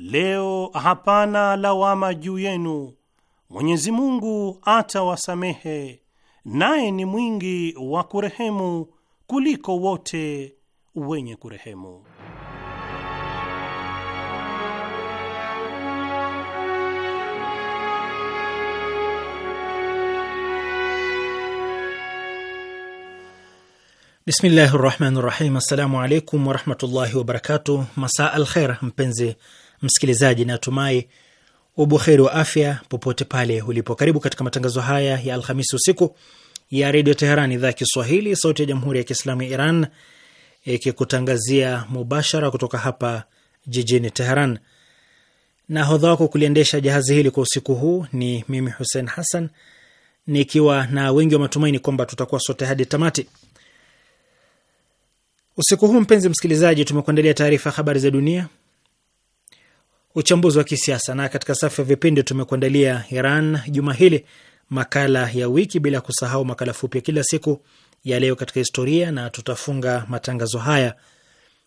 Leo hapana lawama juu yenu, Mwenyezi Mungu atawasamehe, naye ni mwingi wa kurehemu kuliko wote wenye kurehemu. Bismillahi rahmani rahim. Assalamu alaikum warahmatullahi wabarakatu. Masaa al kher, mpenzi Msikilizaji, natumai ubuheri wa afya popote pale ulipo. Karibu katika matangazo haya ya Alhamisi usiku ya Redio Teheran, idhaa ya Kiswahili, sauti ya Jamhuri ya Kiislamu ya Iran, ikikutangazia mubashara kutoka hapa jijini Teheran. Nahodha wako kuliendesha jahazi hili kwa usiku huu ni mimi Hussein Hassan, nikiwa na wengi wa matumaini kwamba tutakuwa sote hadi tamati usiku huu. Mpenzi msikilizaji, tumekuandalia taarifa ya habari za dunia, uchambuzi wa kisiasa, na katika safu ya vipindi tumekuandalia Iran juma hili, makala ya wiki, bila kusahau makala fupi ya kila siku ya leo katika historia, na tutafunga matangazo haya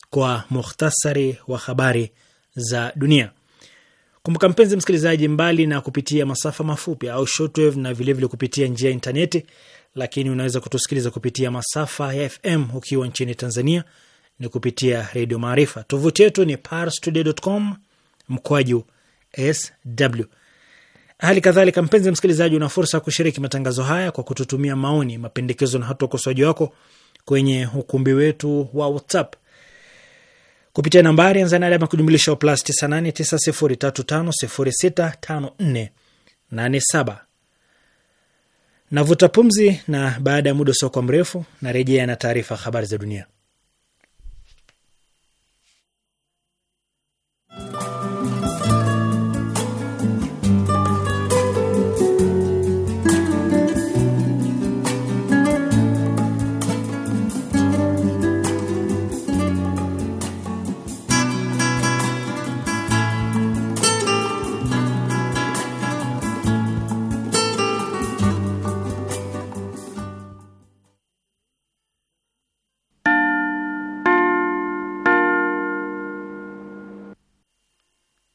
kwa muhtasari wa habari za dunia. Kumbuka mpenzi msikilizaji, mbali na kupitia masafa mafupi au shortwave na vilevile vile kupitia njia ya intaneti, lakini unaweza kutusikiliza kupitia masafa ya FM ukiwa nchini Tanzania ni kupitia Redio Maarifa. Tovuti yetu ni parstoday.com mkwaju sw. Hali kadhalika, mpenzi msikilizaji, una fursa ya kushiriki matangazo haya kwa kututumia maoni, mapendekezo na hata ukosoaji wako kwenye ukumbi wetu wa WhatsApp kupitia nambari anza na alama kujumlisha plus 989035065487. Navuta pumzi, na baada ya muda usiokuwa mrefu narejea na taarifa habari za dunia.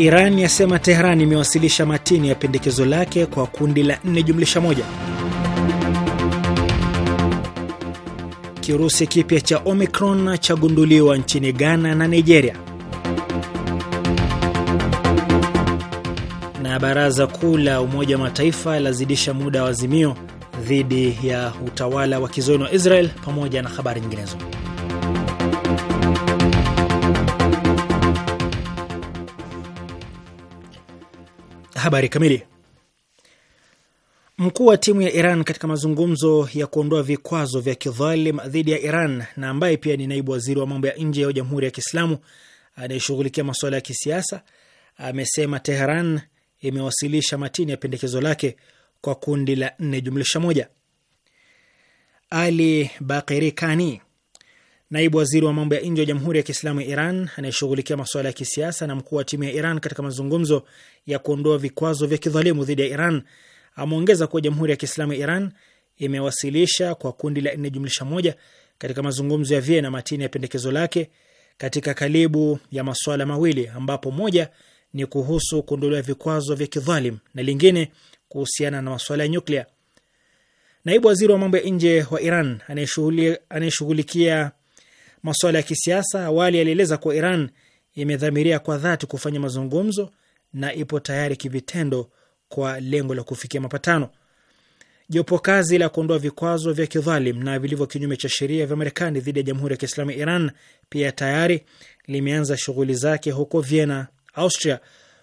Iran yasema Tehran imewasilisha matini ya pendekezo lake kwa kundi la nne jumlisha moja. Kirusi kipya cha Omicron chagunduliwa nchini Ghana na Nigeria. Na baraza kuu la Umoja wa Mataifa lazidisha muda wa azimio dhidi ya utawala wa kizoni wa Israel pamoja na habari nyinginezo. Habari kamili. Mkuu wa timu ya Iran katika mazungumzo ya kuondoa vikwazo vya kidhalim dhidi ya Iran na ambaye pia ni naibu waziri wa mambo ya nje ya Jamhuri ya Kiislamu anayeshughulikia masuala ya kisiasa amesema Teheran imewasilisha matini ya pendekezo lake kwa kundi la nne jumlisha moja. Ali Bakiri Kani naibu waziri wa mambo ya nje wa Jamhuri ya Kiislamu ya Iran anayeshughulikia masuala ya kisiasa na mkuu wa timu ya Iran katika mazungumzo ya kuondoa vikwazo vya kidhalimu dhidi ya Iran ameongeza kuwa Jamhuri ya Kiislamu ya Iran imewasilisha kwa kundi la nne jumlisha moja katika mazungumzo ya Vienna matini ya pendekezo lake katika kalibu ya masuala mawili ambapo moja ni kuhusu kuondolewa vikwazo vya kidhalim na lingine kuhusiana na masuala ya nyuklia. Naibu waziri wa mambo ya nje wa Iran anayeshughulikia masuala ya kisiasa, awali alieleza kuwa Iran imedhamiria kwa dhati kufanya mazungumzo na ipo tayari kivitendo kwa lengo la kufikia mapatano. Jopo kazi la kuondoa vikwazo vya kidhalim na vilivyo kinyume cha sheria vya Marekani dhidi ya Jamhuri ya Kiislamu ya Iran pia tayari limeanza shughuli zake huko Vienna, Austria,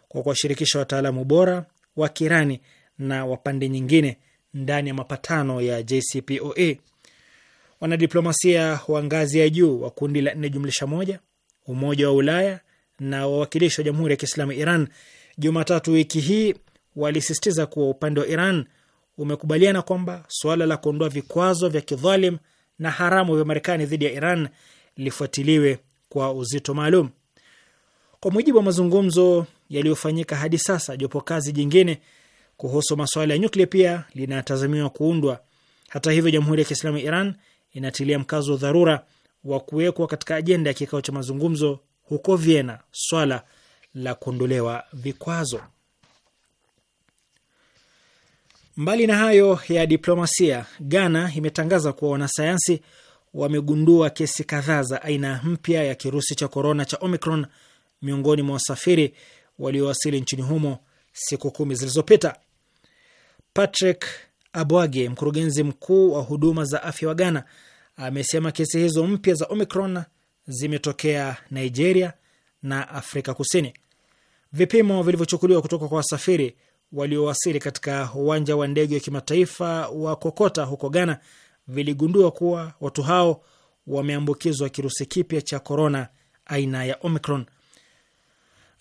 kwa kuwashirikisha wataalamu bora wa Kirani na wapande nyingine ndani ya mapatano ya JCPOA wanadiplomasia wa ngazi ya juu wa kundi la nne jumlisha moja Umoja wa Ulaya na wawakilishi wa Jamhuri ya Kiislamu Iran Jumatatu wiki hii walisisitiza kuwa upande wa Iran umekubaliana kwamba suala la kuondoa vikwazo vya kidhalim na haramu vya Marekani dhidi ya Iran lifuatiliwe kwa uzito maalum. Kwa mujibu wa mazungumzo yaliyofanyika hadi sasa, jopo kazi jingine kuhusu masuala ya nyuklia pia linatazamiwa kuundwa. Hata hivyo, Jamhuri ya Kiislamu ya Iran inatilia mkazo wa dharura wa kuwekwa katika ajenda ya kikao cha mazungumzo huko Vienna swala la kuondolewa vikwazo. Mbali na hayo ya diplomasia, Ghana imetangaza kuwa wanasayansi wamegundua kesi kadhaa za aina mpya ya kirusi cha korona cha Omicron miongoni mwa wasafiri waliowasili nchini humo siku kumi zilizopita. Patrick Abwage, mkurugenzi mkuu wa huduma za afya wa Ghana, amesema kesi hizo mpya za Omicron zimetokea Nigeria na Afrika Kusini. Vipimo vilivyochukuliwa kutoka kwa wasafiri waliowasili katika uwanja wa ndege wa kimataifa wa Kokota huko Ghana viligundua kuwa watu hao wameambukizwa kirusi kipya cha korona aina ya Omicron.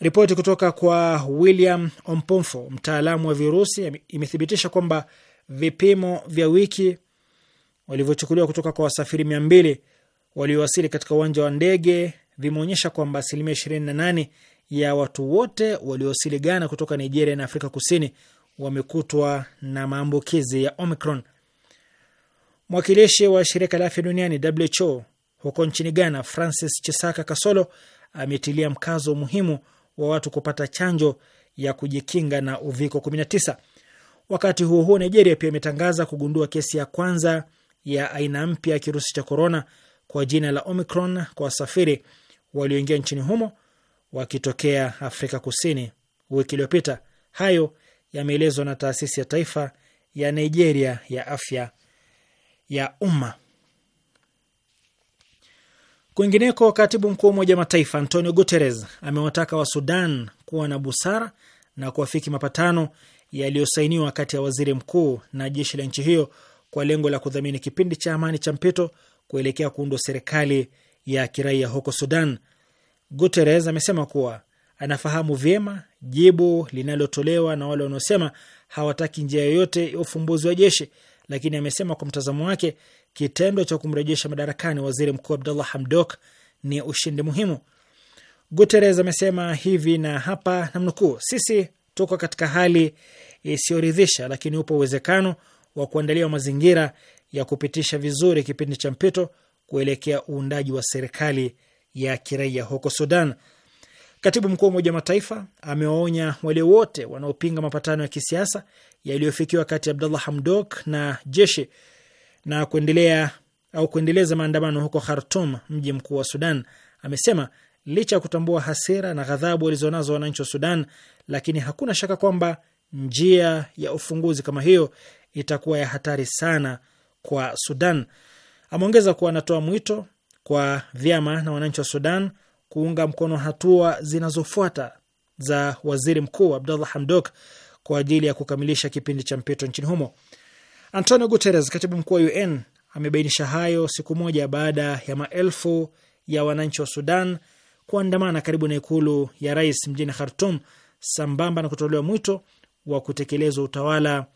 Ripoti kutoka kwa William Ompomfo, mtaalamu wa virusi, imethibitisha kwamba vipimo vya wiki walivyochukuliwa kutoka kwa wasafiri mia mbili waliowasili katika uwanja wa ndege vimeonyesha kwamba asilimia 28 ya watu wote waliowasili Ghana kutoka Nigeria na Afrika Kusini wamekutwa na maambukizi ya Omicron. Mwakilishi wa shirika la afya duniani WHO huko nchini Ghana, Francis Chisaka Kasolo, ametilia mkazo muhimu wa watu kupata chanjo ya kujikinga na uviko 19. Wakati huo huo, Nigeria pia imetangaza kugundua kesi ya kwanza ya aina mpya ya kirusi cha korona kwa jina la Omicron kwa wasafiri walioingia nchini humo wakitokea Afrika Kusini wiki iliyopita. Hayo yameelezwa na taasisi ya taifa ya Nigeria ya afya ya umma. Kwingineko, katibu mkuu wa Umoja wa Mataifa Antonio Guterres amewataka wa Sudan kuwa na busara na kuafiki mapatano yaliyosainiwa kati ya waziri mkuu na jeshi la nchi hiyo kwa lengo la kudhamini kipindi cha amani cha mpito kuelekea kuundwa serikali ya kiraia huko Sudan. Guterres amesema kuwa anafahamu vyema jibu linalotolewa na wale wanaosema hawataki njia yoyote ya ufumbuzi wa jeshi, lakini amesema kwa mtazamo wake kitendo cha kumrejesha madarakani waziri mkuu Abdullah Hamdok ni ushindi muhimu. Guterres amesema hivi na hapa namnukuu, sisi tuko katika hali isiyoridhisha, lakini upo uwezekano wa kuandalia mazingira ya kupitisha vizuri kipindi cha mpito kuelekea uundaji wa serikali ya kiraia huko Sudan. Katibu mkuu wa Umoja wa Mataifa amewaonya wale wote wanaopinga mapatano ya kisiasa yaliyofikiwa kati ya Abdullah Hamdok na jeshi na kuendelea au kuendeleza maandamano huko Khartum, mji mkuu wa Sudan. Amesema licha ya kutambua hasira na ghadhabu walizonazo wananchi wa Sudan, lakini hakuna shaka kwamba njia ya ufunguzi kama hiyo itakuwa ya hatari sana kwa Sudan. Ameongeza kuwa anatoa mwito kwa vyama na wananchi wa Sudan kuunga mkono hatua zinazofuata za waziri mkuu Abdallah Hamdok kwa ajili ya kukamilisha kipindi cha mpito nchini humo. Antonio Guterres, katibu mkuu wa UN, amebainisha hayo siku moja baada ya maelfu ya wananchi wa Sudan kuandamana karibu na ikulu ya rais mjini Khartum, sambamba na kutolewa mwito wa kutekelezwa utawala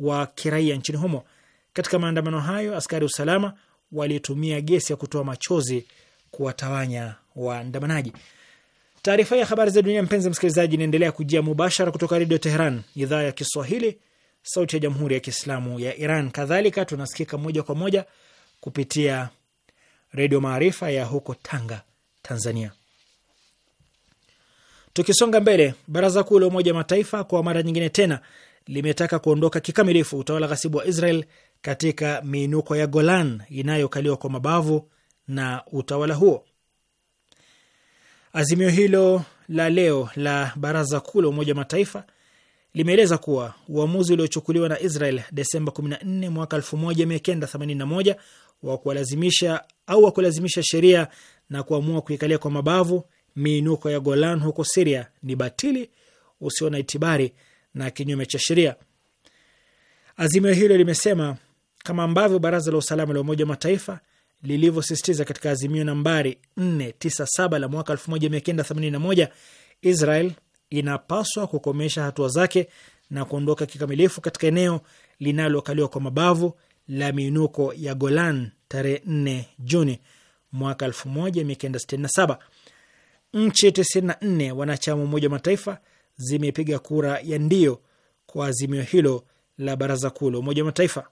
wa kiraia nchini humo. Katika maandamano hayo, askari usalama walitumia gesi ya kutoa machozi kuwatawanya waandamanaji. Taarifa ya habari za dunia, mpenzi msikilizaji, inaendelea kujia mubashara kutoka Redio Teheran, idhaa ya Kiswahili, sauti ya jamhuri ya kiislamu ya Iran. Kadhalika tunasikika moja kwa moja kupitia Redio Maarifa ya huko Tanga, Tanzania. Tukisonga mbele, baraza kuu la Umoja Mataifa kwa mara nyingine tena limetaka kuondoka kikamilifu utawala ghasibu wa Israel katika miinuko ya Golan inayokaliwa kwa mabavu na utawala huo. Azimio hilo la leo la Baraza Kuu la Umoja wa Mataifa limeeleza kuwa uamuzi uliochukuliwa na Israel Desemba 14 mwaka 1981 wa kuwalazimisha au wa kulazimisha sheria na kuamua kuikalia kwa mabavu miinuko ya Golan huko Siria ni batili usio na itibari na kinyume cha sheria. Azimio hilo limesema kama ambavyo Baraza la Usalama la Umoja wa Mataifa lilivyosisitiza katika azimio nambari 497 la mwaka 1981, Israel inapaswa kukomesha hatua zake na kuondoka kikamilifu katika eneo linalokaliwa kwa mabavu la miinuko ya Golan tarehe 4 Juni mwaka 1967. Nchi 94 wanachama Umoja wa Mataifa zimepiga kura ya ndio kwa azimio hilo la baraza kuu la Umoja wa Mataifa.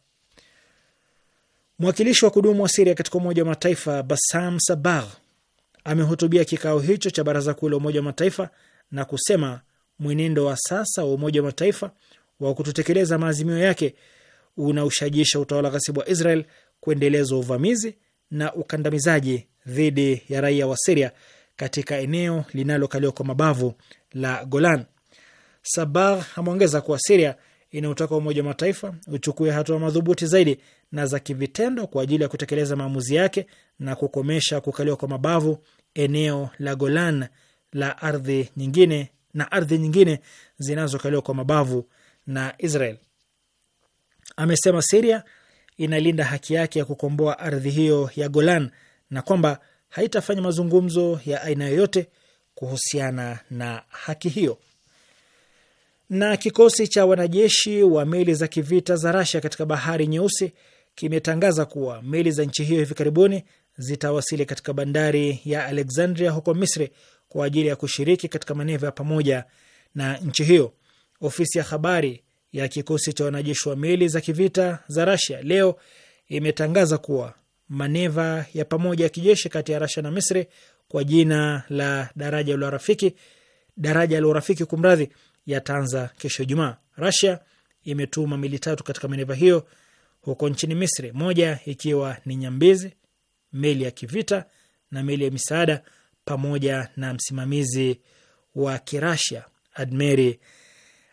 Mwakilishi wa kudumu wa Siria katika Umoja wa Mataifa Basam Sabagh amehutubia kikao hicho cha baraza kuu la Umoja wa Mataifa na kusema mwenendo wa sasa wa Umoja wa Mataifa wa kutotekeleza maazimio yake unaushajisha utawala ghasibu wa Israel kuendeleza uvamizi na ukandamizaji dhidi ya raia wa Siria katika eneo linalokaliwa kwa mabavu la Golan sabar ameongeza kuwa Siria inautaka Umoja wa Mataifa uchukue hatua madhubuti zaidi na za kivitendo kwa ajili ya kutekeleza maamuzi yake na kukomesha kukaliwa kwa mabavu eneo la Golan la ardhi nyingine na ardhi nyingine zinazokaliwa kwa mabavu na Israel. Amesema Siria inalinda haki yake ya kukomboa ardhi hiyo ya Golan na kwamba haitafanya mazungumzo ya aina yoyote kuhusiana na haki hiyo. Na kikosi cha wanajeshi wa meli za kivita za Rasia katika bahari nyeusi kimetangaza kuwa meli za nchi hiyo hivi karibuni zitawasili katika bandari ya Alexandria huko Misri kwa ajili ya kushiriki katika maneva ya pamoja na nchi hiyo. Ofisi ya habari ya kikosi cha wanajeshi wa meli za kivita za Rasia leo imetangaza kuwa maneva ya pamoja ya kijeshi kati ya Rasia na Misri kwa jina la daraja la urafiki, daraja la urafiki kumradhi, yataanza kesho Ijumaa. Rasia imetuma meli tatu katika maeneva hiyo huko nchini Misri, moja ikiwa ni nyambizi, meli ya kivita na meli ya misaada, pamoja na msimamizi wa Kirasia Admeri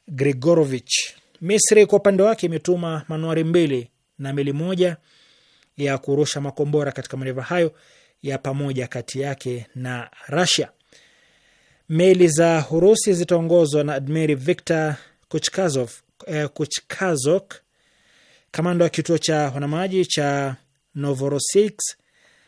Grigorovich. Misri kwa upande wake imetuma manuari mbili na meli moja ya kurusha makombora katika maneva hayo ya pamoja kati yake na Rasia. Meli za Urusi zitaongozwa na Admiri Viktor Kuchkazov, eh, Kuchkazok, kamanda wa kituo cha wanamaji cha Novorossiysk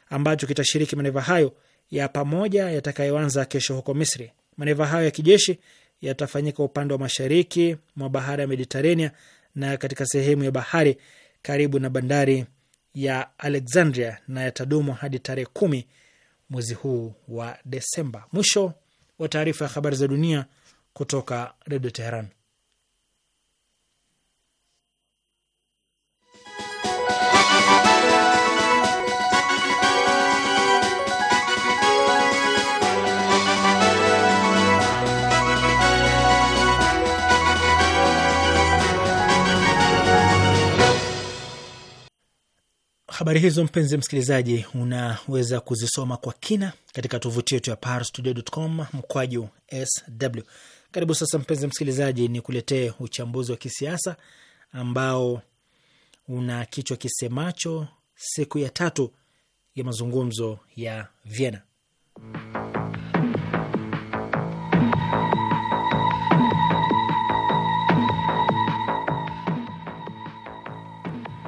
ambacho kitashiriki maneva hayo ya pamoja yatakayoanza kesho huko Misri. Maneva hayo ya kijeshi yatafanyika upande wa mashariki mwa bahari ya Mediterania na katika sehemu ya bahari karibu na bandari ya Alexandria na yatadumu hadi tarehe kumi mwezi huu wa Desemba. Mwisho wa taarifa ya habari za dunia kutoka Redio Teheran. Habari hizo mpenzi msikilizaji, unaweza kuzisoma kwa kina katika tovuti yetu ya parstoday.com mkwaju sw. Karibu sasa, mpenzi msikilizaji, ni kuletee uchambuzi wa kisiasa ambao una kichwa kisemacho siku ya tatu ya mazungumzo ya Vienna.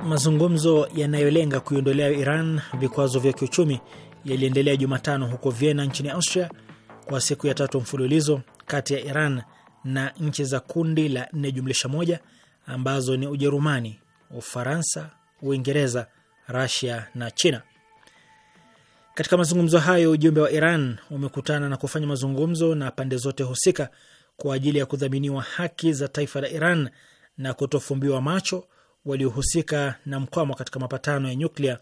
Mazungumzo yanayolenga kuiondolea Iran vikwazo vya kiuchumi yaliendelea Jumatano huko Vienna nchini Austria kwa siku ya tatu mfululizo kati ya Iran na nchi za kundi la nne jumlisha moja ambazo ni Ujerumani, Ufaransa, Uingereza, Rasia na China. Katika mazungumzo hayo, ujumbe wa Iran umekutana na kufanya mazungumzo na pande zote husika kwa ajili ya kudhaminiwa haki za taifa la Iran na kutofumbiwa macho waliohusika na mkwamo katika mapatano ya nyuklia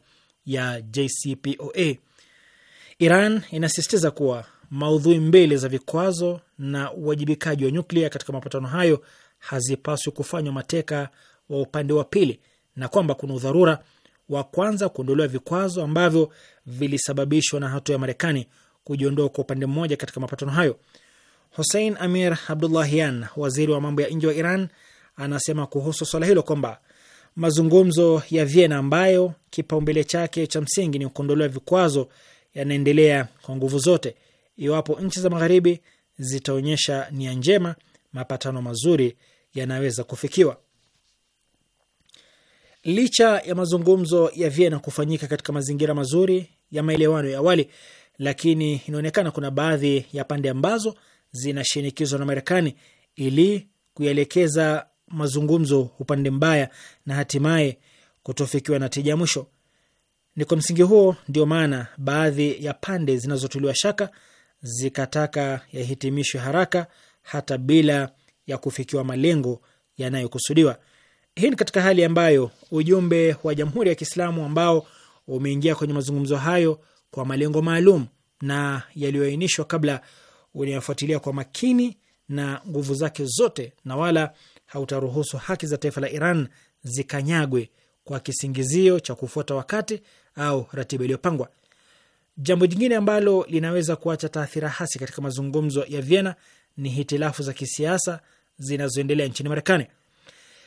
ya JCPOA. Iran inasisitiza kuwa maudhui mbele za vikwazo na uwajibikaji wa nyuklia katika mapatano hayo hazipaswi kufanywa mateka wa upande wa pili na kwamba kuna udharura wa kwanza kuondolewa vikwazo ambavyo vilisababishwa na hatua ya Marekani kujiondoa kwa upande mmoja katika mapatano hayo. Hussein Amir Abdullahian, waziri wa mambo ya nje wa Iran, anasema kuhusu swala hilo kwamba mazungumzo ya Vienna ambayo kipaumbele chake cha msingi ni kuondolewa vikwazo yanaendelea kwa nguvu zote. Iwapo nchi za magharibi zitaonyesha nia njema, mapatano mazuri yanaweza kufikiwa. Licha ya mazungumzo ya Vienna kufanyika katika mazingira mazuri ya maelewano ya awali, lakini inaonekana kuna baadhi ya pande ambazo zinashinikizwa na Marekani ili kuyaelekeza mazungumzo upande mbaya na hatimaye kutofikiwa na tija mwisho. Ni kwa msingi huo ndio maana baadhi ya pande zinazotuliwa shaka zikataka yahitimishwe haraka hata bila ya kufikiwa malengo yanayokusudiwa. Hii ni katika hali ambayo ujumbe wa Jamhuri ya Kiislamu ambao umeingia kwenye mazungumzo hayo kwa malengo maalum na yaliyoainishwa kabla unayafuatilia kwa makini na nguvu zake zote na wala hautaruhusu haki za taifa la Iran zikanyagwe kwa kisingizio cha kufuata wakati au ratiba iliyopangwa. Jambo jingine ambalo linaweza kuacha taathira hasi katika mazungumzo ya Vienna ni hitilafu za kisiasa zinazoendelea nchini Marekani.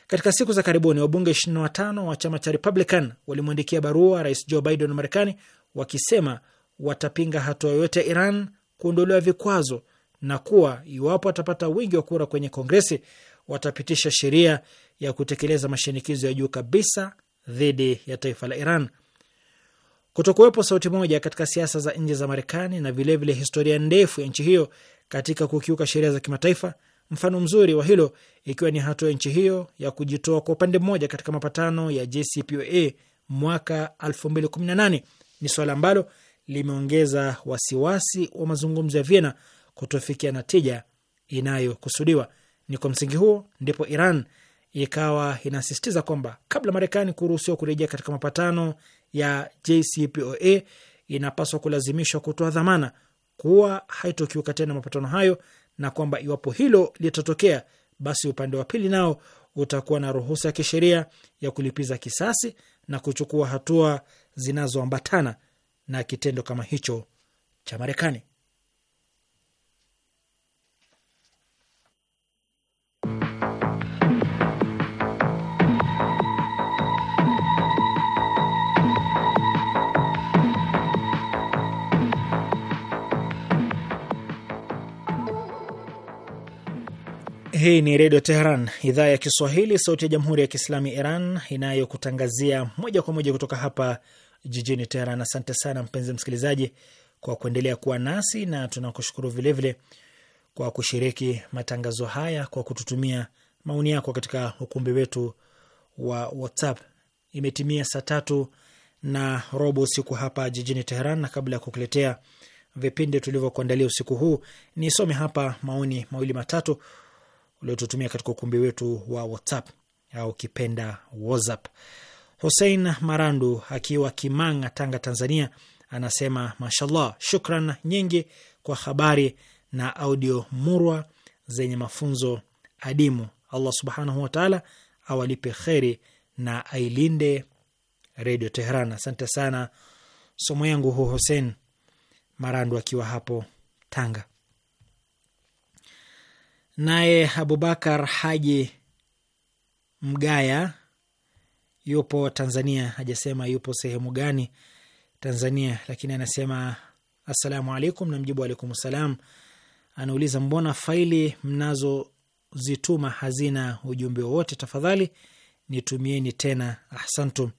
Katika siku za karibuni, wabunge 25 wa chama cha Republican walimwandikia barua Rais Joe Biden wa Marekani wakisema watapinga hatua yoyote ya Iran kuondolewa vikwazo na kuwa iwapo atapata wingi wa kura kwenye Kongresi watapitisha sheria ya kutekeleza mashinikizo ya juu kabisa dhidi ya taifa la Iran. Kutokuwepo sauti moja katika siasa za nje za Marekani na vilevile vile historia ndefu ya nchi hiyo katika kukiuka sheria za kimataifa, mfano mzuri wa hilo ikiwa ni hatua ya nchi hiyo ya kujitoa kwa upande mmoja katika mapatano ya JCPOA mwaka 2018 ni suala ambalo limeongeza wasiwasi wa mazungumzo ya Vienna kutofikia na tija inayokusudiwa. Ni kwa msingi huo ndipo Iran ikawa inasisitiza kwamba kabla Marekani kuruhusiwa kurejea katika mapatano ya JCPOA inapaswa kulazimishwa kutoa dhamana kuwa haitokiuka tena mapatano hayo, na kwamba iwapo hilo litatokea, basi upande wa pili nao utakuwa na ruhusa ya kisheria ya kulipiza kisasi na kuchukua hatua zinazoambatana na kitendo kama hicho cha Marekani. Hii ni Redio Teheran, idhaa ya Kiswahili, sauti ya Jamhuri ya Kiislamu ya Iran, inayokutangazia moja kwa moja kutoka hapa jijini Teheran. Asante sana mpenzi msikilizaji kwa kuendelea kuwa nasi na tunakushukuru vilevile kwa kushiriki matangazo haya kwa kututumia maoni yako katika ukumbi wetu wa WhatsApp. Imetimia saa tatu na robo usiku hapa jijini Teheran, na kabla ya kukuletea vipindi tulivyokuandalia usiku huu, nisome hapa maoni mawili matatu uliotutumia katika ukumbi wetu wa WhatsApp au kipenda WhatsApp. Hussein Marandu akiwa Kimanga, Tanga, Tanzania, anasema mashallah, shukran nyingi kwa habari na audio murwa zenye mafunzo adimu. Allah subhanahu wataala awalipe kheri na ailinde Redio Tehran. Asante sana somo yangu hu Hussein Marandu akiwa hapo Tanga. Naye Abubakar Haji Mgaya yupo Tanzania, hajasema yupo sehemu gani Tanzania, lakini anasema assalamu alaikum, na mjibu alaikum salam. Anauliza, mbona faili mnazozituma hazina ujumbe wowote? Tafadhali nitumieni tena. Ahsantum.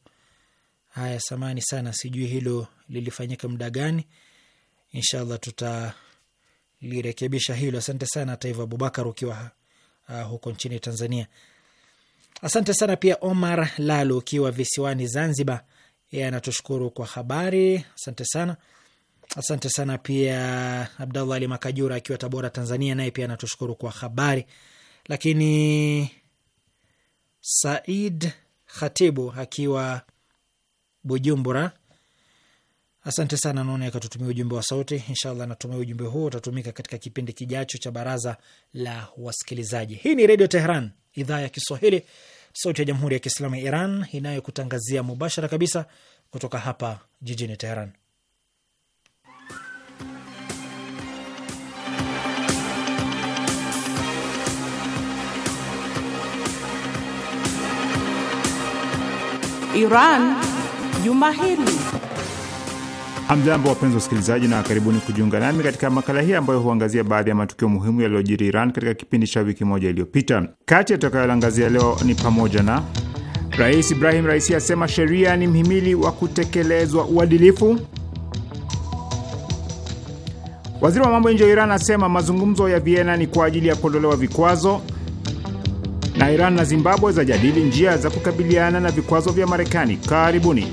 Haya, samani sana, sijui hilo lilifanyika muda gani. Inshallah tuta lirekebisha hilo. Asante sana hata hivyo, Abubakar ukiwa uh, huko nchini Tanzania. Asante sana pia Omar Lalu ukiwa visiwani Zanzibar, yeye anatushukuru kwa habari. Asante sana. Asante sana pia Abdallah Ali Makajura akiwa Tabora, Tanzania, naye pia anatushukuru kwa habari. Lakini Said Khatibu akiwa Bujumbura Asante sana naona akatutumia ujumbe wa sauti. Inshallah natumai ujumbe huo utatumika katika kipindi kijacho cha baraza la wasikilizaji. Hii ni Redio Tehran, idhaa ya Kiswahili, sauti ya Jamhuri ya Kiislamu ya Iran inayokutangazia mubashara kabisa kutoka hapa jijini teheran Iran Juma Hili. Amjambo, wapenzi usikilizaji, na karibuni kujiunga nami katika makala hii ambayo huangazia baadhi ya matukio muhimu yaliyojiri Iran katika kipindi cha wiki moja iliyopita. Kati yatakayoangazia leo ni pamoja na Rais Ibrahim Raisi asema sheria ni mhimili wa kutekelezwa uadilifu. Waziri wa mambo ya nje wa Iran asema mazungumzo ya Vienna ni kwa ajili ya kuondolewa vikwazo, na Iran na Zimbabwe zajadili njia za kukabiliana na vikwazo vya Marekani. Karibuni.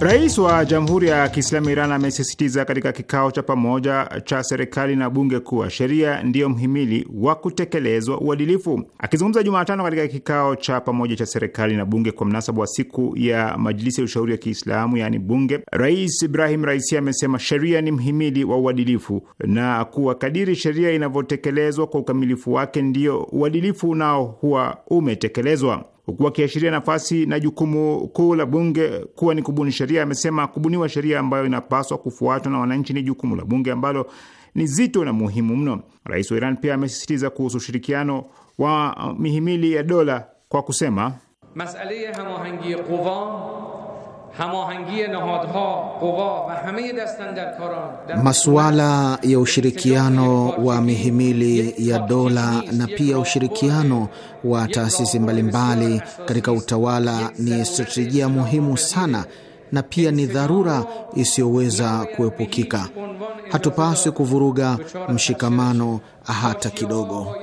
Rais wa Jamhuri ya Kiislamu Iran amesisitiza katika kikao cha pamoja cha serikali na bunge kuwa sheria ndiyo mhimili wa kutekelezwa uadilifu. Akizungumza Jumatano katika kikao cha pamoja cha serikali na bunge kwa mnasaba wa siku ya Majlisi ya Ushauri ya Kiislamu yaani bunge, Rais Ibrahim Raisi amesema sheria ni mhimili wa uadilifu na kuwa kadiri sheria inavyotekelezwa kwa ukamilifu wake ndiyo uadilifu nao huwa umetekelezwa huku akiashiria nafasi na jukumu kuu la bunge kuwa ni kubuni sheria, amesema kubuniwa sheria ambayo inapaswa kufuatwa na wananchi ni jukumu la bunge ambalo ni zito na muhimu mno. Rais wa Iran pia amesisitiza kuhusu ushirikiano wa mihimili ya dola kwa kusema masala ya Masuala ya ushirikiano wa mihimili ya dola na pia ushirikiano wa taasisi mbalimbali katika utawala ni stratejia muhimu sana na pia ni dharura isiyoweza kuepukika. Hatupaswi kuvuruga mshikamano hata kidogo.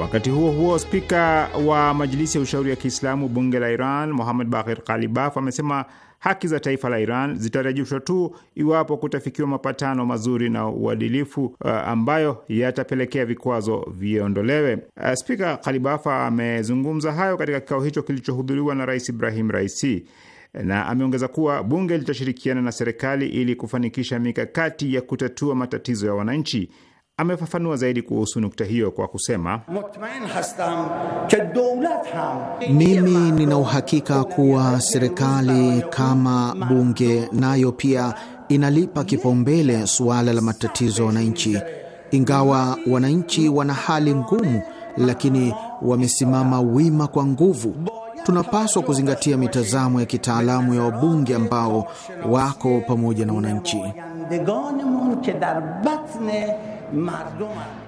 Wakati huo huo, spika wa majilisi ya ushauri ya Kiislamu bunge la Iran Muhamad Bakir Kalibaf amesema haki za taifa la Iran zitarejeshwa tu iwapo kutafikiwa mapatano mazuri na uadilifu uh, ambayo yatapelekea vikwazo viondolewe. Uh, spika Kalibafa amezungumza hayo katika kikao hicho kilichohudhuriwa na Rais Ibrahim Raisi na ameongeza kuwa bunge litashirikiana na serikali ili kufanikisha mikakati ya kutatua matatizo ya wananchi. Amefafanua zaidi kuhusu nukta hiyo kwa kusema, mimi nina uhakika kuwa serikali kama bunge nayo pia inalipa kipaumbele suala la matatizo ya wananchi. Ingawa wananchi wana hali ngumu, lakini wamesimama wima kwa nguvu. Tunapaswa kuzingatia mitazamo ya kitaalamu ya wabunge ambao wako pamoja na wananchi. مردمم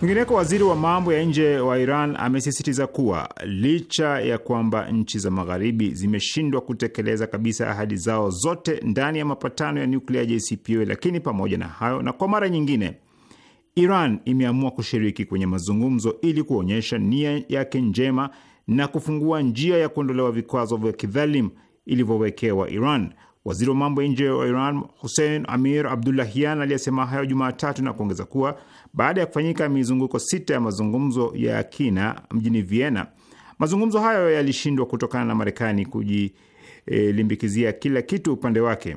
Kwingineko, waziri wa mambo ya nje wa Iran amesisitiza kuwa licha ya kwamba nchi za magharibi zimeshindwa kutekeleza kabisa ahadi zao zote ndani ya mapatano ya nyuklia JCPOA, lakini pamoja na hayo na kwa mara nyingine Iran imeamua kushiriki kwenye mazungumzo ili kuonyesha nia yake njema na kufungua njia ya kuondolewa vikwazo vya kidhalim ilivyowekewa Iran. Waziri wa mambo ya nje wa Iran Hussein Amir Abdullahian aliyesema hayo Jumatatu na kuongeza kuwa baada ya kufanyika mizunguko sita ya mazungumzo ya kina mjini Vienna. Mazungumzo hayo yalishindwa kutokana na Marekani kujilimbikizia e, kila kitu upande wake.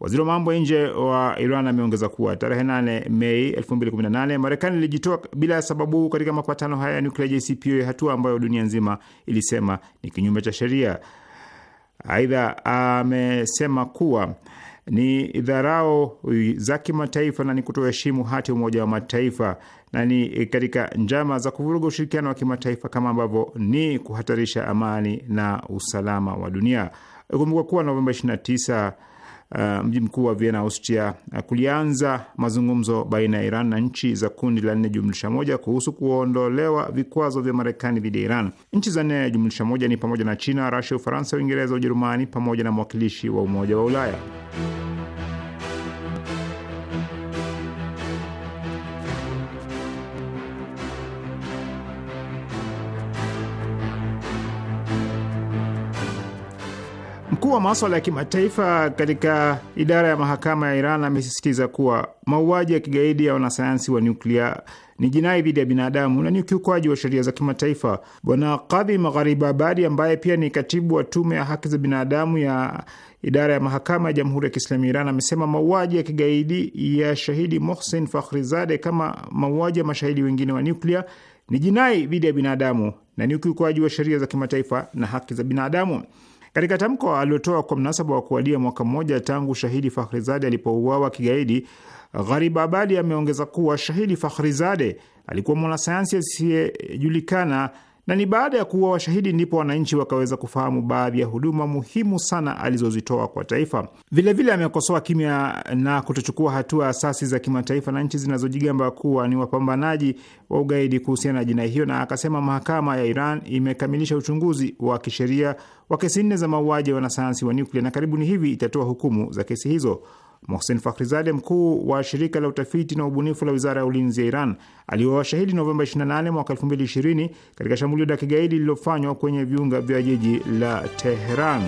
Waziri wa mambo ya nje wa Iran ameongeza kuwa tarehe 8 Mei 2018 Marekani ilijitoa bila sababu katika mapatano haya ya nuklia JCPOA, hatua ambayo dunia nzima ilisema ni kinyume cha sheria. Aidha amesema kuwa ni dharau za kimataifa na ni kutoheshimu hati ya Umoja wa Mataifa na ni katika njama za kuvuruga ushirikiano wa kimataifa kama ambavyo ni kuhatarisha amani na usalama wa dunia. Kumbuka kuwa Novemba 29 Uh, mji mkuu wa Vienna, Austria, uh, kulianza mazungumzo baina ya Iran na nchi za kundi la nne jumlisha moja kuhusu kuondolewa vikwazo vya Marekani dhidi ya Iran. Nchi za nne jumlisha moja ni pamoja na China, Rasia, Ufaransa, Uingereza, Ujerumani pamoja na mwakilishi wa Umoja wa Ulaya. wa maswala ya kimataifa katika idara ya mahakama ya Iran amesisitiza kuwa mauaji ya kigaidi ya wanasayansi wa nyuklia ni jinai dhidi ya binadamu na ni ukiukwaji wa sheria za kimataifa. Bwana Kadhi Magharibi Abadi, ambaye pia ni katibu wa tume ya haki za binadamu ya idara ya mahakama ya jamhuri ya Kiislamu ya Iran, amesema mauaji ya kigaidi ya shahidi Mohsen Fakhrizade, kama mauaji ya mashahidi wengine wa nyuklia, ni jinai dhidi ya binadamu na ni ukiukwaji wa sheria za kimataifa na haki za binadamu. Katika tamko aliotoa kwa mnasaba wa kuadia mwaka mmoja tangu shahidi Fakhrizade alipouawa kigaidi, abadi ameongeza kuwa shahidi Fakhrizade alikuwa mwanasayansi asiyejulikana na ni baada ya kuwa washahidi ndipo wananchi wakaweza kufahamu baadhi ya huduma muhimu sana alizozitoa kwa taifa. Vilevile amekosoa kimya na kutochukua hatua asasi za kimataifa na nchi zinazojigamba kuwa ni wapambanaji wa ugaidi kuhusiana na jinai hiyo, na akasema mahakama ya Iran imekamilisha uchunguzi wa kisheria wa kesi nne za mauaji ya wanasayansi wa nuklia na karibuni hivi itatoa hukumu za kesi hizo. Mohsen fakhrizade mkuu wa shirika la utafiti na ubunifu la wizara ya ulinzi ya Iran, aliwawashahidi Novemba 28 mwaka 2020 katika shambulio la kigaidi lililofanywa kwenye viunga vya jiji la Teheran.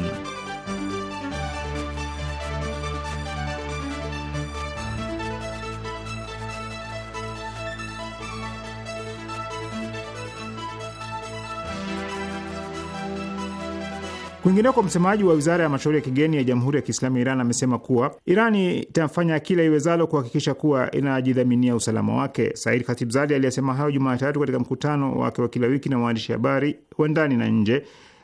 Kwingineko, msemaji wa wizara ya mashauri ya kigeni ya Jamhuri ya Kiislamu ya Iran amesema kuwa Iran itafanya kila iwezalo kuhakikisha kuwa inajidhaminia usalama wake. Said Khatibzadi aliyesema hayo Jumatatu katika mkutano wake wa kila wiki na waandishi habari wa ndani na nje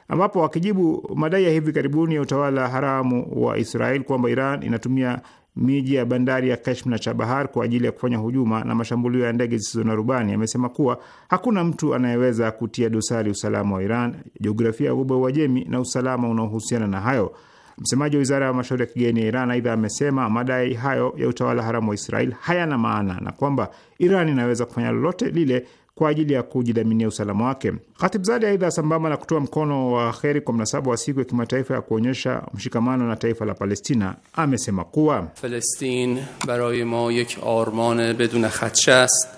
ambapo wakijibu madai ya hivi karibuni ya utawala haramu wa Israel kwamba Iran inatumia miji ya bandari ya Kashm na Chabahar kwa ajili ya kufanya hujuma na mashambulio ya ndege zisizo na rubani. Amesema kuwa hakuna mtu anayeweza kutia dosari usalama wa Iran, jiografia ya Ghuba Uajemi na usalama unaohusiana na hayo. Msemaji wa wizara ya mashauri ya kigeni ya Iran aidha amesema madai hayo ya utawala haramu wa Israel hayana maana na kwamba Iran inaweza kufanya lolote lile kwa ajili ya kujidhaminia usalama wake. Khatibzadeh aidha, sambamba na kutoa mkono wa heri kwa mnasaba wa siku ya kimataifa ya kuonyesha mshikamano na taifa la Palestina, amesema kuwa Palestine baraye ma yek arman bedune khadshe ast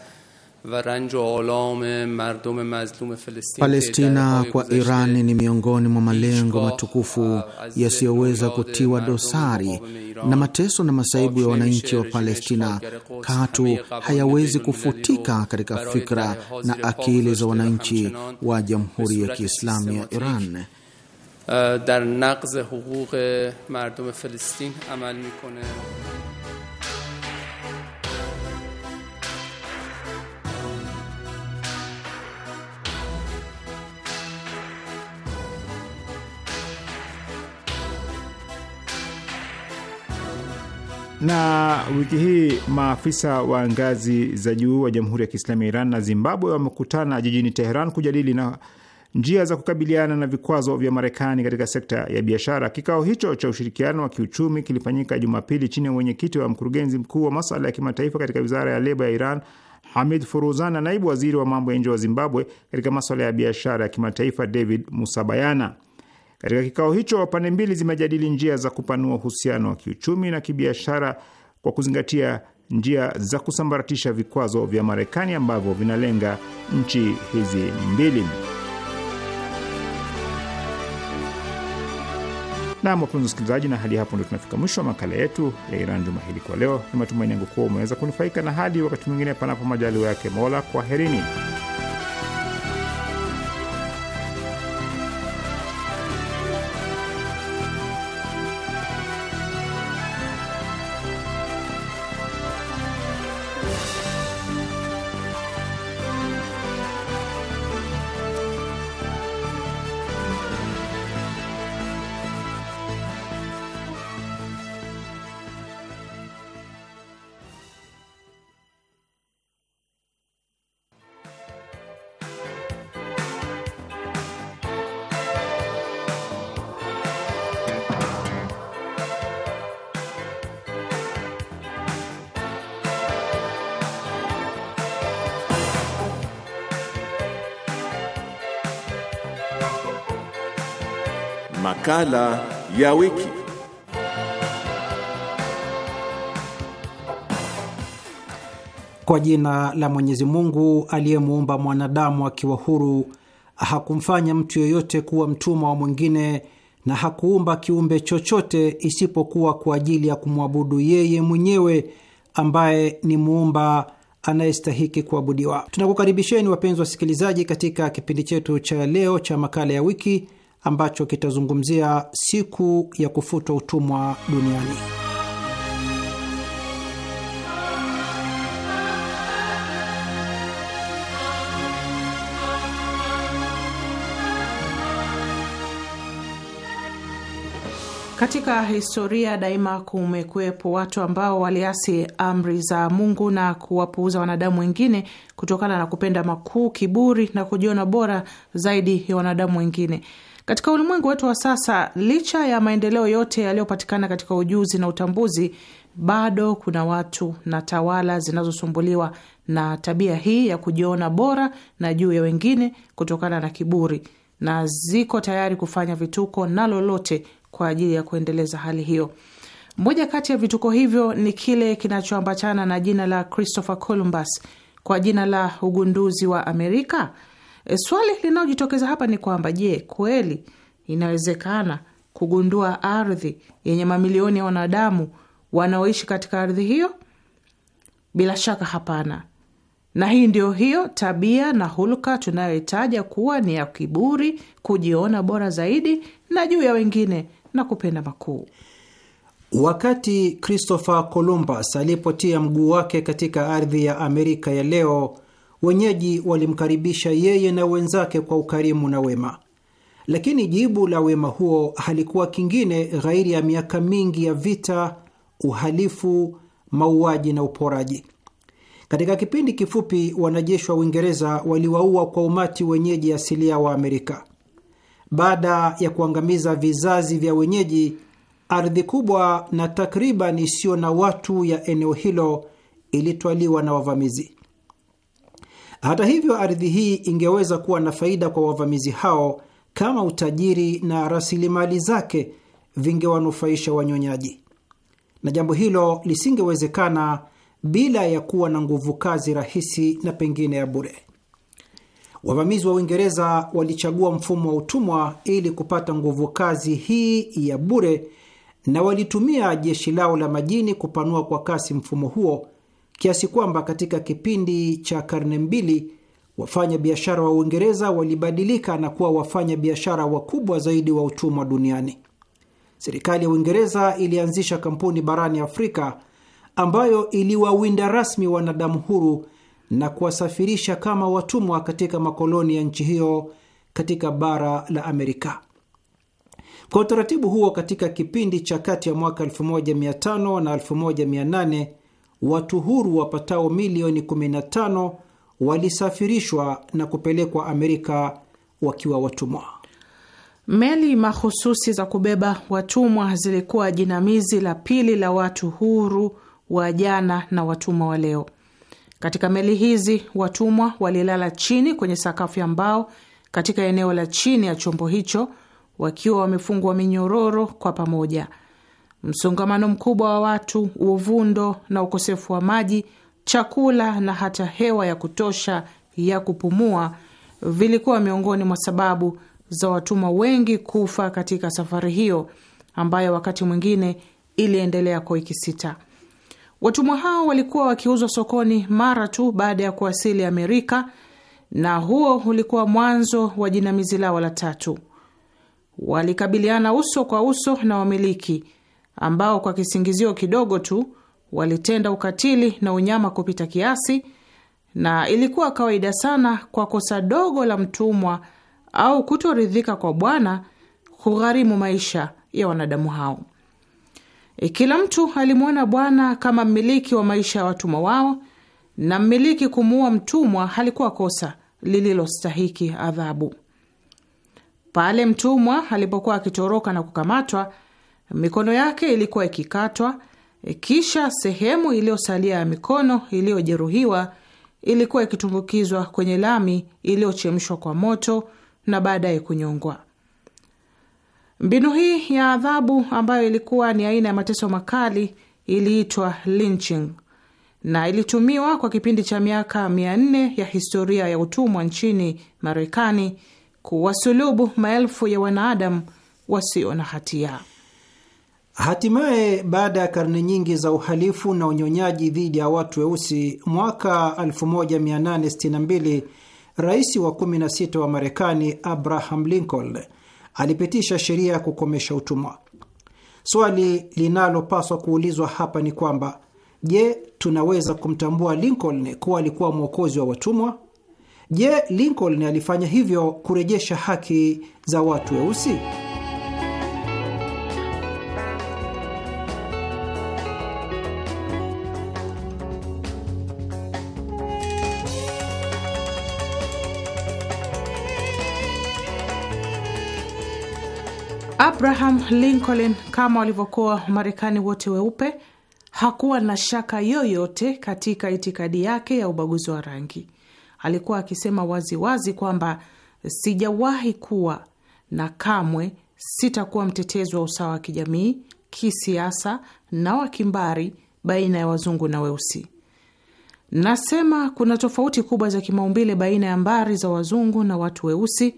Palestina kwa Iran ni miongoni mwa malengo matukufu yasiyoweza kutiwa dosari, na mateso na masaibu ya wananchi wa Palestina katu hayawezi kufutika katika fikra na akili za wananchi wa Jamhuri ya Kiislamu ya Iran. dar naqz huquq mardum Filistin amal mikone Na wiki hii maafisa wa ngazi za juu wa Jamhuri ya Kiislamu ya Iran na Zimbabwe wamekutana jijini Teheran kujadili na njia za kukabiliana na vikwazo vya Marekani katika sekta ya biashara. Kikao hicho cha ushirikiano wa kiuchumi kilifanyika Jumapili chini ya mwenyekiti wa mkurugenzi mkuu wa maswala ya kimataifa katika wizara ya leba ya Iran Hamid Furuzan na naibu waziri wa mambo ya nje wa Zimbabwe katika maswala ya biashara ya kimataifa David Musabayana. Katika kikao hicho, pande mbili zimejadili njia za kupanua uhusiano wa kiuchumi na kibiashara kwa kuzingatia njia za kusambaratisha vikwazo vya Marekani ambavyo vinalenga nchi hizi mbili. Nam, wapenzi wasikilizaji, na hadi hapo ndo tunafika mwisho wa makala yetu ya Iran juma hili kwa leo. Ni matumaini yangu kuwa umeweza kunufaika, na hadi wakati mwingine, panapo majaliwa yake Mola, kwaherini. Makala ya wiki. Kwa jina la Mwenyezi Mungu aliyemuumba mwanadamu akiwa huru, hakumfanya mtu yoyote kuwa mtumwa wa mwingine, na hakuumba kiumbe chochote isipokuwa kwa ajili ya kumwabudu yeye mwenyewe ambaye ni muumba anayestahiki kuabudiwa. Tunakukaribisheni wapenzi wasikilizaji, katika kipindi chetu cha leo cha makala ya wiki ambacho kitazungumzia siku ya kufutwa utumwa duniani. Katika historia daima kumekuwepo watu ambao waliasi amri za Mungu na kuwapuuza wanadamu wengine kutokana na kupenda makuu, kiburi na kujiona bora zaidi ya wanadamu wengine. Katika ulimwengu wetu wa sasa, licha ya maendeleo yote yaliyopatikana katika ujuzi na utambuzi, bado kuna watu na tawala zinazosumbuliwa na tabia hii ya kujiona bora na juu ya wengine kutokana na kiburi, na ziko tayari kufanya vituko na lolote kwa ajili ya kuendeleza hali hiyo. Moja kati ya vituko hivyo ni kile kinachoambatana na jina la Christopher Columbus kwa jina la ugunduzi wa Amerika E, swali linalojitokeza hapa ni kwamba je, kweli inawezekana kugundua ardhi yenye mamilioni ya wanadamu wanaoishi katika ardhi hiyo? Bila shaka hapana. Na hii ndio hiyo tabia na hulka tunayohitaja kuwa ni ya kiburi, kujiona bora zaidi na juu ya wengine na kupenda makuu. Wakati Christopher Columbus alipotia mguu wake katika ardhi ya Amerika ya leo wenyeji walimkaribisha yeye na wenzake kwa ukarimu na wema, lakini jibu la wema huo halikuwa kingine ghairi ya miaka mingi ya vita, uhalifu, mauaji na uporaji. Katika kipindi kifupi, wanajeshi wa Uingereza waliwaua kwa umati wenyeji asilia wa Amerika. Baada ya kuangamiza vizazi vya wenyeji, ardhi kubwa na takriban isiyo na watu ya eneo hilo ilitwaliwa na wavamizi. Hata hivyo, ardhi hii ingeweza kuwa na faida kwa wavamizi hao kama utajiri na rasilimali zake vingewanufaisha wanyonyaji, na jambo hilo lisingewezekana bila ya kuwa na nguvu kazi rahisi na pengine ya bure. Wavamizi wa Uingereza walichagua mfumo wa utumwa ili kupata nguvu kazi hii ya bure, na walitumia jeshi lao la majini kupanua kwa kasi mfumo huo kiasi kwamba katika kipindi cha karne mbili wafanya biashara wa Uingereza walibadilika na kuwa wafanya biashara wakubwa zaidi wa utumwa duniani. Serikali ya Uingereza ilianzisha kampuni barani Afrika ambayo iliwawinda rasmi wanadamu huru na kuwasafirisha kama watumwa katika makoloni ya nchi hiyo katika bara la Amerika. Kwa utaratibu huo, katika kipindi cha kati ya mwaka 1500 na 1800 watu huru wapatao milioni 15 walisafirishwa na kupelekwa Amerika wakiwa watumwa. Meli mahususi za kubeba watumwa zilikuwa jinamizi la pili la watu huru wa jana na watumwa wa leo. Katika meli hizi watumwa walilala chini kwenye sakafu ya mbao katika eneo la chini ya chombo hicho, wakiwa wamefungwa minyororo kwa pamoja msongamano mkubwa wa watu, uvundo na ukosefu wa maji, chakula na hata hewa ya kutosha ya kupumua vilikuwa miongoni mwa sababu za watumwa wengi kufa katika safari hiyo ambayo wakati mwingine iliendelea kwa wiki sita. Watumwa hao walikuwa wakiuzwa sokoni mara tu baada ya kuwasili Amerika, na huo ulikuwa mwanzo wa jinamizi lao la tatu. Walikabiliana uso kwa uso na wamiliki ambao kwa kisingizio kidogo tu walitenda ukatili na unyama kupita kiasi, na ilikuwa kawaida sana kwa kosa dogo la mtumwa au kutoridhika kwa bwana kugharimu maisha ya wanadamu hao. E, kila mtu alimwona bwana kama mmiliki wa maisha ya watumwa wao, na mmiliki kumuua mtumwa halikuwa kosa lililostahiki adhabu. Pale mtumwa alipokuwa akitoroka na kukamatwa Mikono yake ilikuwa ikikatwa, e, kisha sehemu iliyosalia ya mikono iliyojeruhiwa ilikuwa ikitumbukizwa kwenye lami iliyochemshwa kwa moto na baadaye kunyongwa. Mbinu hii ya adhabu ambayo ilikuwa ni aina ya mateso makali iliitwa lynching na ilitumiwa kwa kipindi cha miaka mia nne ya historia ya utumwa nchini Marekani kuwasulubu maelfu ya wanaadamu wasio na hatia. Hatimaye, baada ya karne nyingi za uhalifu na unyonyaji dhidi ya watu weusi, mwaka 1862 rais wa 16 wa Marekani Abraham Lincoln alipitisha sheria ya kukomesha utumwa. Swali linalopaswa kuulizwa hapa ni kwamba je, tunaweza kumtambua Lincoln kuwa alikuwa mwokozi wa watumwa? Je, Lincoln alifanya hivyo kurejesha haki za watu weusi? Abraham Lincoln, kama walivyokuwa marekani wote weupe, hakuwa na shaka yoyote katika itikadi yake ya ubaguzi wa rangi. Alikuwa akisema waziwazi wazi kwamba sijawahi kuwa na kamwe sitakuwa mtetezi wa usawa wa kijamii, kisiasa na wa kimbari baina ya wazungu na weusi. Nasema kuna tofauti kubwa za kimaumbile baina ya mbari za wazungu na watu weusi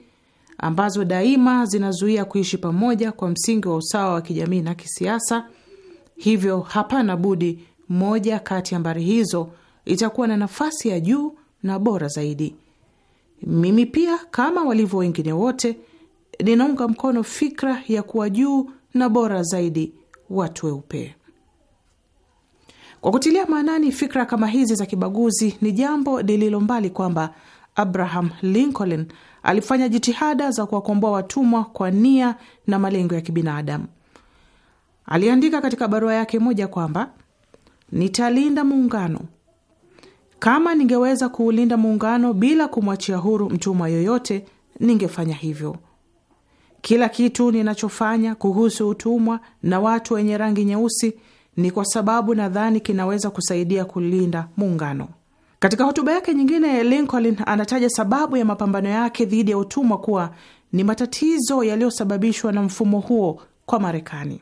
ambazo daima zinazuia kuishi pamoja kwa msingi wa usawa wa kijamii na kisiasa. Hivyo hapana budi moja kati ya mbari hizo itakuwa na nafasi ya juu na bora zaidi. Mimi pia kama walivyo wengine wote ninaunga mkono fikra ya kuwa juu na bora zaidi watu weupe. Kwa kutilia maanani fikra kama hizi za kibaguzi, ni jambo lililo mbali kwamba Abraham Lincoln alifanya jitihada za kuwakomboa watumwa kwa nia na malengo ya kibinadamu. Aliandika katika barua yake moja kwamba nitalinda muungano kama ningeweza kuulinda muungano bila kumwachia huru mtumwa yoyote, ningefanya hivyo. Kila kitu ninachofanya kuhusu utumwa na watu wenye rangi nyeusi ni kwa sababu nadhani kinaweza kusaidia kulinda muungano. Katika hotuba yake nyingine, Lincoln anataja sababu ya mapambano yake dhidi ya utumwa kuwa ni matatizo yaliyosababishwa na mfumo huo kwa Marekani.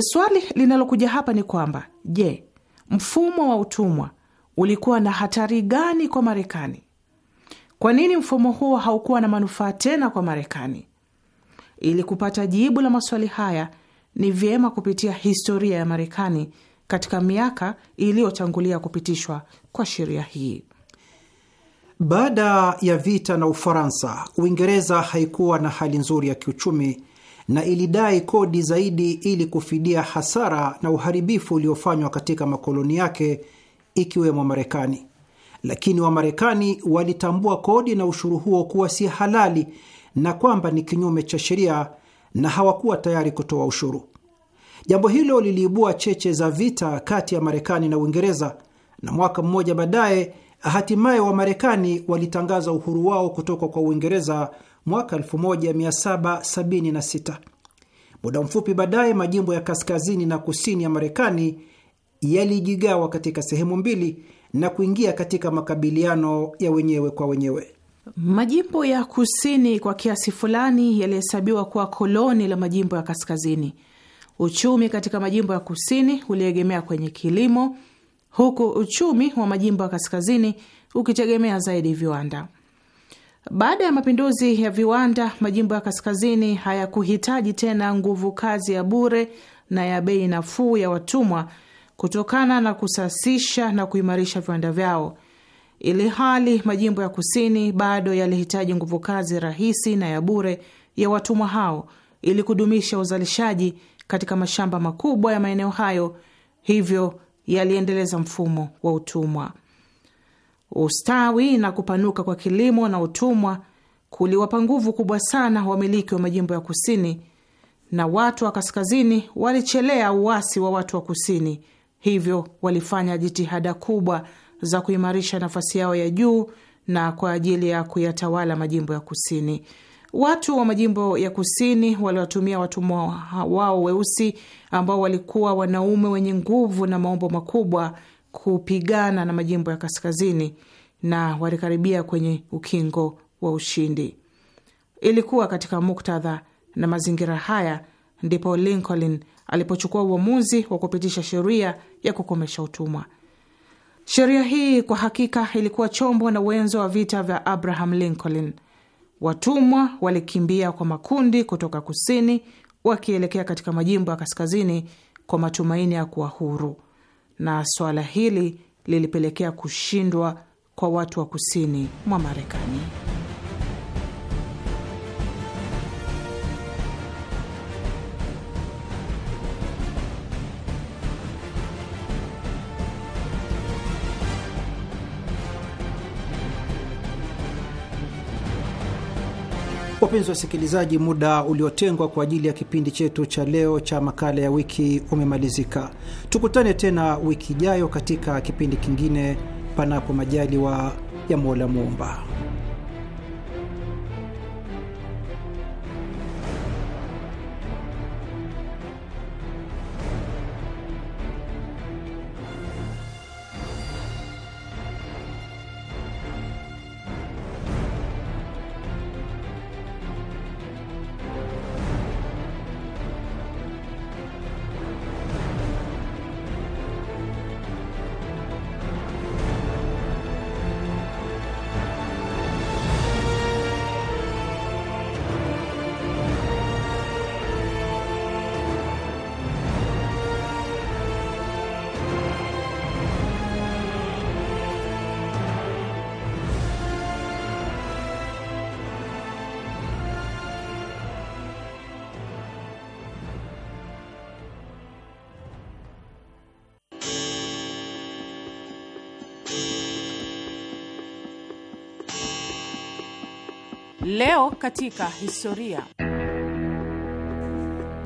Swali linalokuja hapa ni kwamba je, mfumo wa utumwa ulikuwa na hatari gani kwa Marekani? Kwa nini mfumo huo haukuwa na manufaa tena kwa Marekani? Ili kupata jibu la maswali haya, ni vyema kupitia historia ya Marekani katika miaka iliyotangulia kupitishwa kwa sheria hii. Baada ya vita na Ufaransa, Uingereza haikuwa na hali nzuri ya kiuchumi na ilidai kodi zaidi ili kufidia hasara na uharibifu uliofanywa katika makoloni yake ikiwemo Marekani. Lakini Wamarekani walitambua kodi na ushuru huo kuwa si halali na kwamba ni kinyume cha sheria na hawakuwa tayari kutoa ushuru. Jambo hilo liliibua cheche za vita kati ya Marekani na Uingereza, na mwaka mmoja baadaye hatimaye Wamarekani walitangaza uhuru wao kutoka kwa Uingereza mwaka 1776. Muda mfupi baadaye majimbo ya kaskazini na kusini ya Marekani yalijigawa katika sehemu mbili na kuingia katika makabiliano ya wenyewe kwa wenyewe. Majimbo ya kusini kwa kiasi fulani yalihesabiwa kuwa koloni la majimbo ya kaskazini. Uchumi katika majimbo ya kusini uliegemea kwenye kilimo, huku uchumi wa majimbo ya kaskazini ukitegemea zaidi viwanda. Baada ya mapinduzi ya viwanda, majimbo ya kaskazini hayakuhitaji tena nguvu kazi ya bure na ya bei nafuu ya watumwa kutokana na kusasisha na kuimarisha viwanda vyao, ili hali majimbo ya kusini bado yalihitaji nguvu kazi rahisi na ya bure ya watumwa hao ili kudumisha uzalishaji katika mashamba makubwa ya maeneo hayo, hivyo yaliendeleza mfumo wa utumwa. Ustawi na kupanuka kwa kilimo na utumwa kuliwapa nguvu kubwa sana wamiliki wa majimbo ya kusini, na watu wa kaskazini walichelea uasi wa watu wa kusini, hivyo walifanya jitihada kubwa za kuimarisha nafasi yao ya juu na kwa ajili ya kuyatawala majimbo ya kusini. Watu wa majimbo ya kusini waliwatumia watumwa wao weusi ambao walikuwa wanaume wenye nguvu na maumbo makubwa kupigana na majimbo ya kaskazini na walikaribia kwenye ukingo wa ushindi. Ilikuwa katika muktadha na mazingira haya ndipo Lincoln alipochukua uamuzi wa kupitisha sheria ya kukomesha utumwa. Sheria hii kwa hakika ilikuwa chombo na wenzo wa vita vya Abraham Lincoln. Watumwa walikimbia kwa makundi kutoka kusini wakielekea katika majimbo ya kaskazini kwa matumaini ya kuwa huru, na swala hili lilipelekea kushindwa kwa watu wa kusini mwa Marekani. Wapenzi wasikilizaji, muda uliotengwa kwa ajili ya kipindi chetu cha leo cha makala ya wiki umemalizika. Tukutane tena wiki ijayo katika kipindi kingine, panapo majaliwa ya Mola Muumba. Leo katika historia.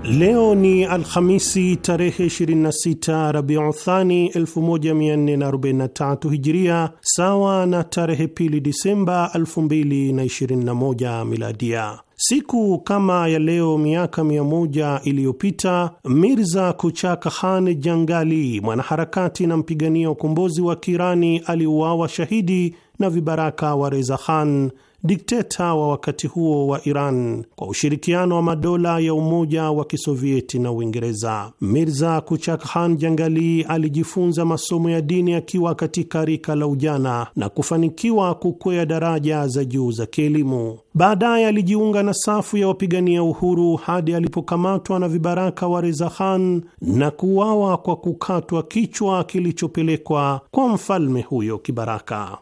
Leo ni Alhamisi tarehe 26 Rabiuthani 1443 Hijiria, sawa na tarehe pili Disemba 2021 Miladia. Siku kama ya leo miaka mia moja iliyopita Mirza Kuchak Khan Jangali, mwanaharakati na mpigania ukombozi wa Kirani, aliuawa shahidi na vibaraka wa Reza Khan dikteta wa wakati huo wa Iran kwa ushirikiano wa madola ya Umoja wa Kisovieti na Uingereza. Mirza Kuchak Khan Jangali alijifunza masomo ya dini akiwa katika rika la ujana na kufanikiwa kukwea daraja za juu za kielimu. Baadaye alijiunga na safu ya wapigania uhuru hadi alipokamatwa na vibaraka wa Reza Khan na kuuawa kwa kukatwa kichwa kilichopelekwa kwa mfalme huyo kibaraka.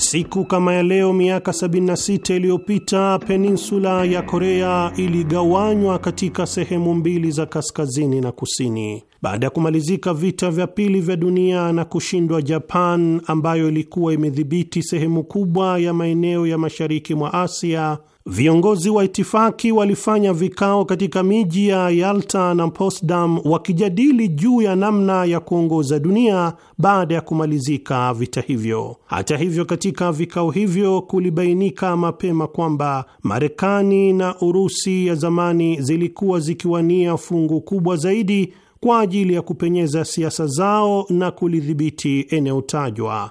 Siku kama ya leo miaka 76 iliyopita peninsula ya Korea iligawanywa katika sehemu mbili za kaskazini na kusini. Baada ya kumalizika vita vya pili vya dunia na kushindwa Japan ambayo ilikuwa imedhibiti sehemu kubwa ya maeneo ya mashariki mwa Asia, Viongozi wa itifaki walifanya vikao katika miji ya Yalta na Potsdam wakijadili juu ya namna ya kuongoza dunia baada ya kumalizika vita hivyo. Hata hivyo, katika vikao hivyo kulibainika mapema kwamba Marekani na Urusi ya zamani zilikuwa zikiwania fungu kubwa zaidi kwa ajili ya kupenyeza siasa zao na kulidhibiti eneo tajwa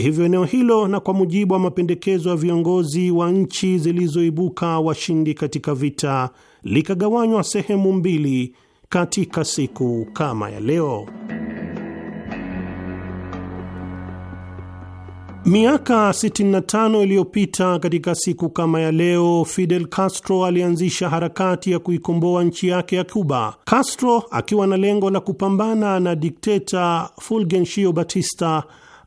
hivyo eneo hilo, na kwa mujibu wa mapendekezo ya viongozi wa nchi zilizoibuka washindi katika vita, likagawanywa sehemu mbili katika siku kama ya leo. Miaka 65 iliyopita katika siku kama ya leo, Fidel Castro alianzisha harakati ya kuikomboa nchi yake ya Cuba. Castro akiwa na lengo la kupambana na dikteta Fulgencio Batista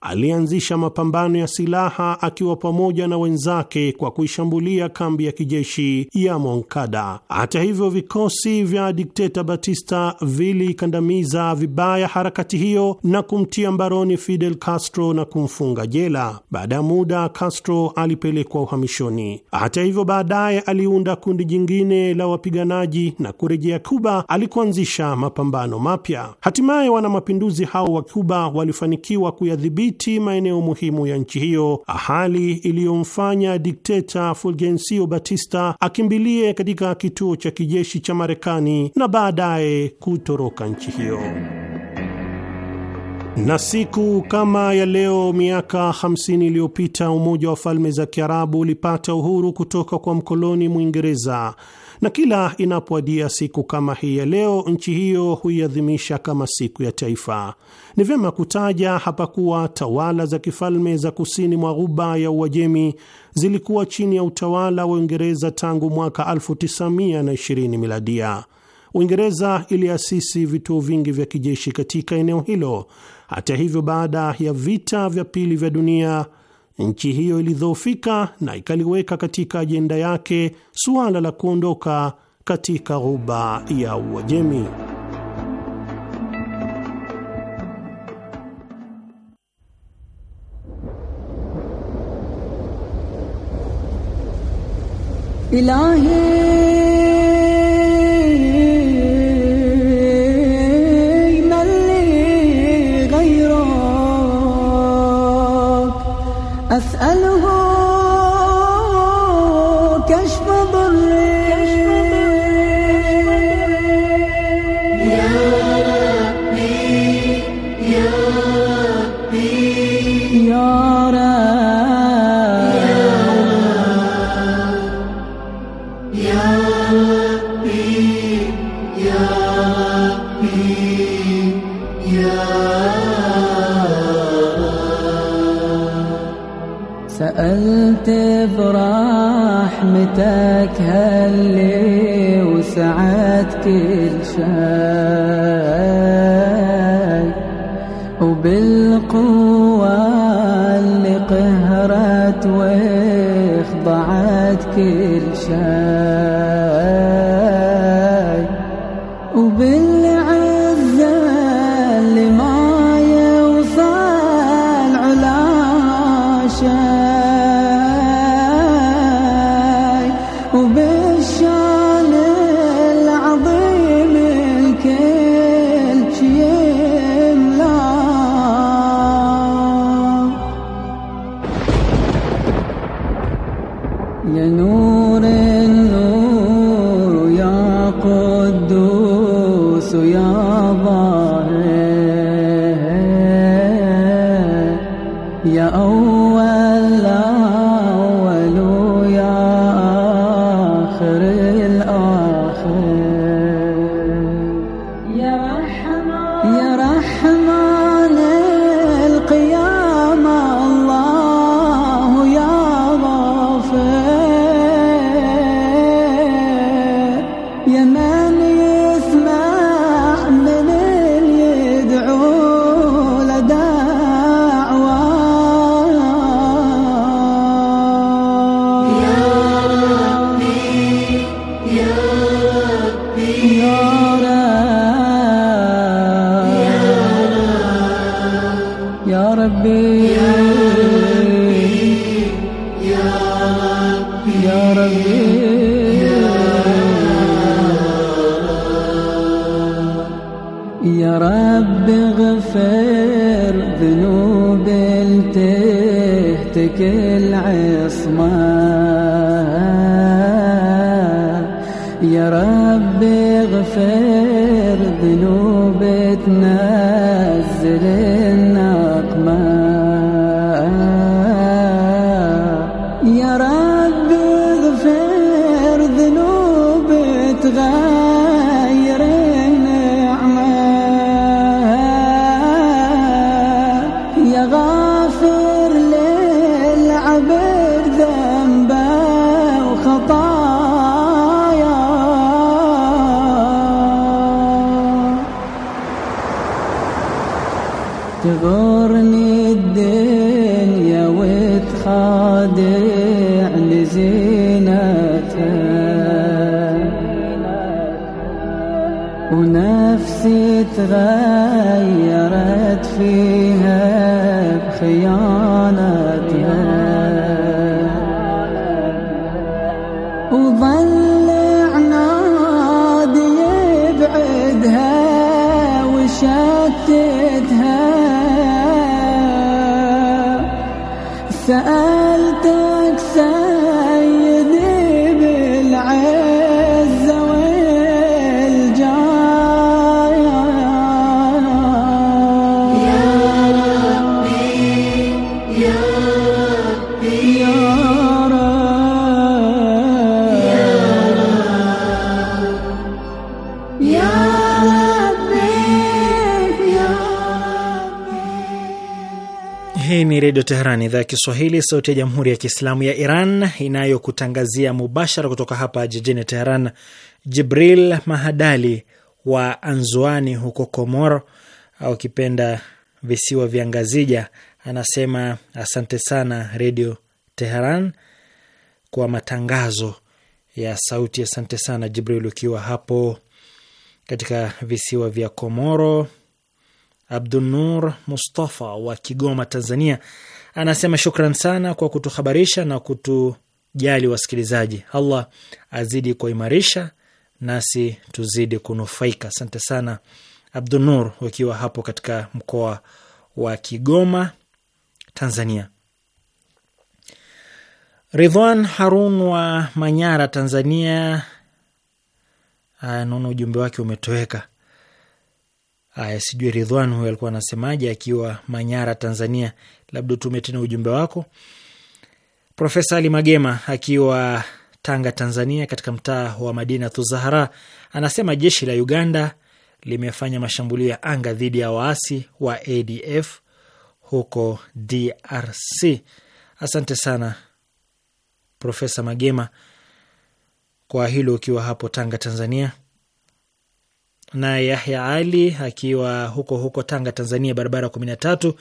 alianzisha mapambano ya silaha akiwa pamoja na wenzake kwa kuishambulia kambi ya kijeshi ya Moncada. Hata hivyo, vikosi vya dikteta Batista vilikandamiza vibaya harakati hiyo na kumtia mbaroni Fidel Castro na kumfunga jela. Baada ya muda, Castro alipelekwa uhamishoni. Hata hivyo, baadaye aliunda kundi jingine la wapiganaji na kurejea Cuba alikuanzisha mapambano mapya. Hatimaye wanamapinduzi hao wa Cuba walifanikiwa kuyadhibiti kudhibiti maeneo muhimu ya nchi hiyo, hali iliyomfanya dikteta Fulgencio Batista akimbilie katika kituo cha kijeshi cha Marekani na baadaye kutoroka nchi hiyo na siku kama ya leo miaka 50 iliyopita Umoja wa Falme za Kiarabu ulipata uhuru kutoka kwa mkoloni Mwingereza na kila inapoadia siku kama hii ya leo, nchi hiyo huiadhimisha kama siku ya taifa. Ni vyema kutaja hapa kuwa tawala za kifalme za kusini mwa ghuba ya Uajemi zilikuwa chini ya utawala wa Uingereza tangu mwaka 1920 miladia. Uingereza iliasisi vituo vingi vya kijeshi katika eneo hilo. Hata hivyo, baada ya vita vya pili vya dunia nchi hiyo ilidhoofika na ikaliweka katika ajenda yake suala la kuondoka katika ghuba ya Uajemi. Ilahi عساي وبالقوة اللي قهرت واخضعت كل شيء in now. Uh, تغيرت فيه Redio Teheran, idhaa ya Kiswahili, sauti ya jamhuri ya kiislamu ya Iran, inayokutangazia mubashara kutoka hapa jijini Teheran. Jibril Mahadali wa Anzuani huko Komoro, au kipenda visiwa vya Ngazija, anasema asante sana Redio Teheran kwa matangazo ya sauti. Asante sana Jibril, ukiwa hapo katika visiwa vya Komoro. Abdunur Mustafa wa Kigoma, Tanzania, anasema shukran sana kwa kutuhabarisha na kutujali wasikilizaji. Allah azidi kuimarisha nasi tuzidi kunufaika. Asante sana Abdunur, wakiwa hapo katika mkoa wa Kigoma, Tanzania. ridhwan Harun wa Manyara, Tanzania, naona ujumbe wake umetoweka. Aya, sijui Ridhwan huyo alikuwa anasemaje akiwa Manyara, Tanzania. Labda tume tena ujumbe wako. Profesa Ali Magema akiwa Tanga, Tanzania, katika mtaa wa Madina Tuzahara anasema jeshi la Uganda limefanya mashambulio ya anga dhidi ya waasi wa ADF huko DRC. Asante sana Profesa Magema kwa hilo, ukiwa hapo Tanga, Tanzania na Yahya Ali akiwa huko huko Tanga, Tanzania, barabara kumi na tatu,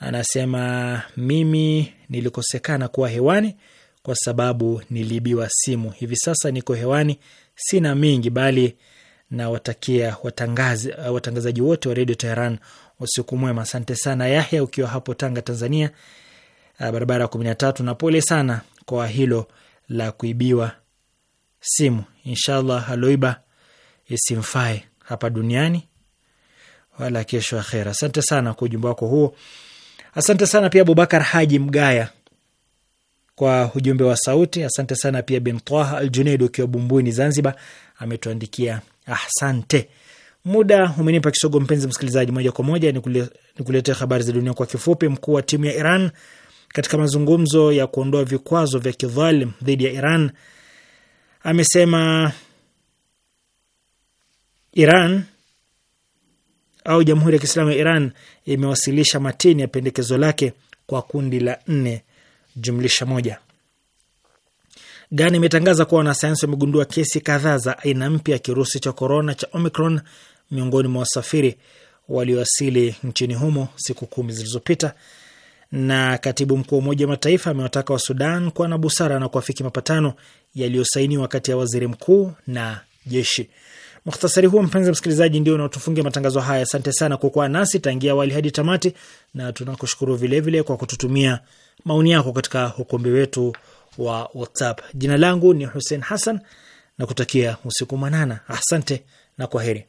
anasema mimi nilikosekana kuwa hewani kwa sababu niliibiwa simu. Hivi sasa niko hewani, sina mingi, bali nawatakia watangazaji wote wa redio Teheran usiku mwema. Asante sana Yahya, ukiwa hapo Tanga, Tanzania, barabara ya kumi na tatu, na pole sana kwa hilo la kuibiwa simu. Inshallah aloiba isimfae hapa duniani wala kesho akhera. Asante sana kwa ujumbe wako huo. Asante sana pia Abubakar Haji Mgaya kwa ujumbe wa sauti. Asante sana pia Bin Taha Al Junaid ukiwa Bumbuini, Zanzibar, ametuandikia asante. Muda umenipa kisogo, mpenzi msikilizaji. Moja kwa moja nikuletea habari za dunia kwa kifupi. Mkuu wa timu ya Iran katika mazungumzo ya kuondoa vikwazo vya kidhalim dhidi ya Iran amesema Iran au Jamhuri ya Kiislamu ya Iran imewasilisha matini ya pendekezo lake kwa kundi la nne jumlisha moja. Gani imetangaza kuwa wanasayansi wamegundua kesi kadhaa za aina mpya ya kirusi cha korona cha Omicron miongoni mwa wasafiri waliowasili nchini humo siku kumi zilizopita. Na katibu mkuu wa Umoja wa Mataifa amewataka wa Sudan kuwa na busara na kuafiki mapatano yaliyosainiwa kati ya waziri mkuu na jeshi. Mukhtasari huo mpenzi msikilizaji, ndio unaotufungia matangazo haya. Asante sana kwa kuwa nasi tangia awali hadi tamati, na tunakushukuru vilevile kwa kututumia maoni yako katika ukumbi wetu wa WhatsApp. Jina langu ni Hussein Hassan na kutakia usiku mwanana. Asante na kwa heri